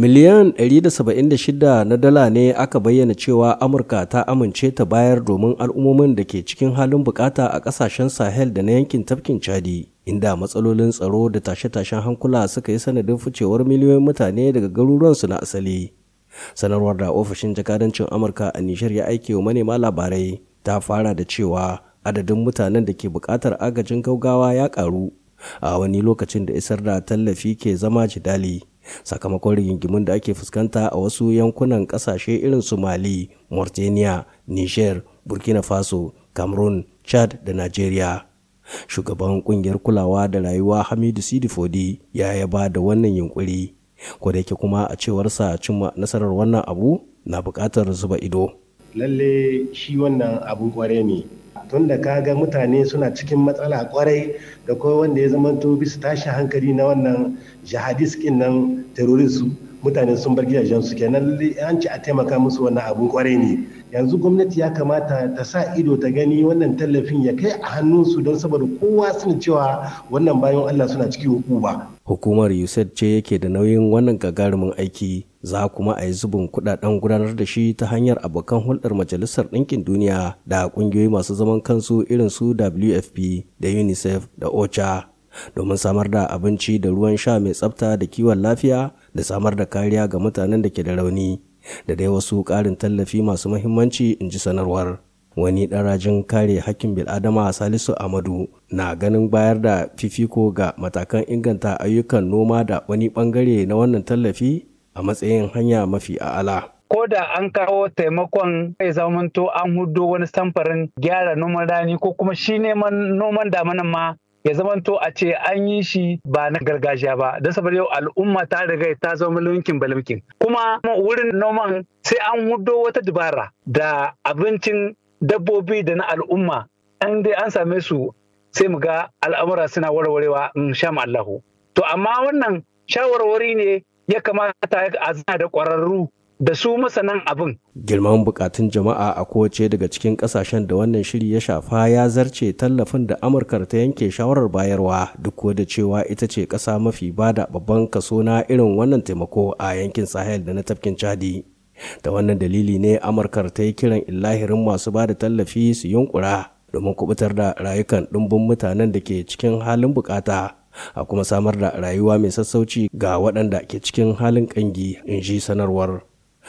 miliyan 176 na dala ne aka bayyana cewa amurka ta amince ta bayar domin al'ummomin da ke cikin halin bukata a kasashen sahel da na yankin tafkin chadi inda matsalolin tsaro da tashe-tashen hankula suka yi sanadin ficewar miliyoyin mutane daga garuruwansu na asali sanarwar da ofishin jakadancin amurka a nishar ya aike wa manema labarai ta fara da cewa adadin mutanen da ke bukatar agajin gaugawa ya ƙaru, a wani lokacin da isar da tallafi ke zama jidali sakamakon rigingimun da ake fuskanta a wasu yankunan kasashe irin su mali mauritania niger burkina faso cameroon chad da nigeria shugaban kungiyar kulawa da rayuwa hamidu sidifodi ya yaba da wannan yunkuri ko da kuma a cewarsa cimma nasarar wannan abu na buƙatar zuba ido lalle shi wannan abu kware ne tunda ka ga mutane suna cikin matsala kwarai da kawai wanda ya zamanto su tashi hankali na wannan jihadis nan terrorist mutane sun bar gidajen gidajensu kenan an ci a taimaka musu wannan abun kwarai ne yanzu gwamnati ya kamata ta sa ido ta gani wannan tallafin ya kai a hannunsu don saboda kowa suna cewa wannan bayan allah suna cikin hukuma hukumar usaid ce yake da nauyin wannan gagarumin aiki za kuma a yi zubin kudaden gudanar da shi ta hanyar abokan hulɗar majalisar ɗinkin duniya da ƙungiyoyi masu zaman kansu irin su wfp da unicef da ocha domin samar da abinci da ruwan sha mai tsafta da kiwon lafiya da samar da kariya ga mutanen da ke da rauni da dai wasu ƙarin tallafi masu mahimmanci in ji sanarwar wani ɗarajin kare hakkin bil'adama salisu amadu na ganin bayar da fifiko ga matakan inganta ayyukan noma da wani ɓangare na wannan tallafi a matsayin hanya mafi a'ala. ko da an kawo taimakon kai zamanto an hudo wani samfarin gyara noman rani ko kuma shi neman noman damanan ma ya zamanto a ce an yi shi ba na gargajiya ba don saboda yau al'umma ta riga ta zama mulkin balimkin kuma wurin noman sai an hudo wata dabara da abincin dabbobi da na al'umma an dai an same su sai mu ga al'amura suna warwarewa in sha Allahu to amma wannan shawarwari ne ya kamata a zana da kwararru. da su masanan abin. Girman bukatun jama'a a kowace daga cikin kasashen da wannan shiri ya shafa ya zarce tallafin da Amurka ta yanke shawarar bayarwa duk da cewa ita ce kasa mafi bada babban kaso na irin wannan taimako a yankin Sahel da na tafkin Chadi. Da wannan dalili ne Amurka ta yi kiran illahirin masu bada tallafi su yunkura domin kubutar da rayukan ɗumbin mutanen da ke cikin halin bukata. a kuma samar da rayuwa mai sassauci ga waɗanda ke cikin halin ƙangi in ji sanarwar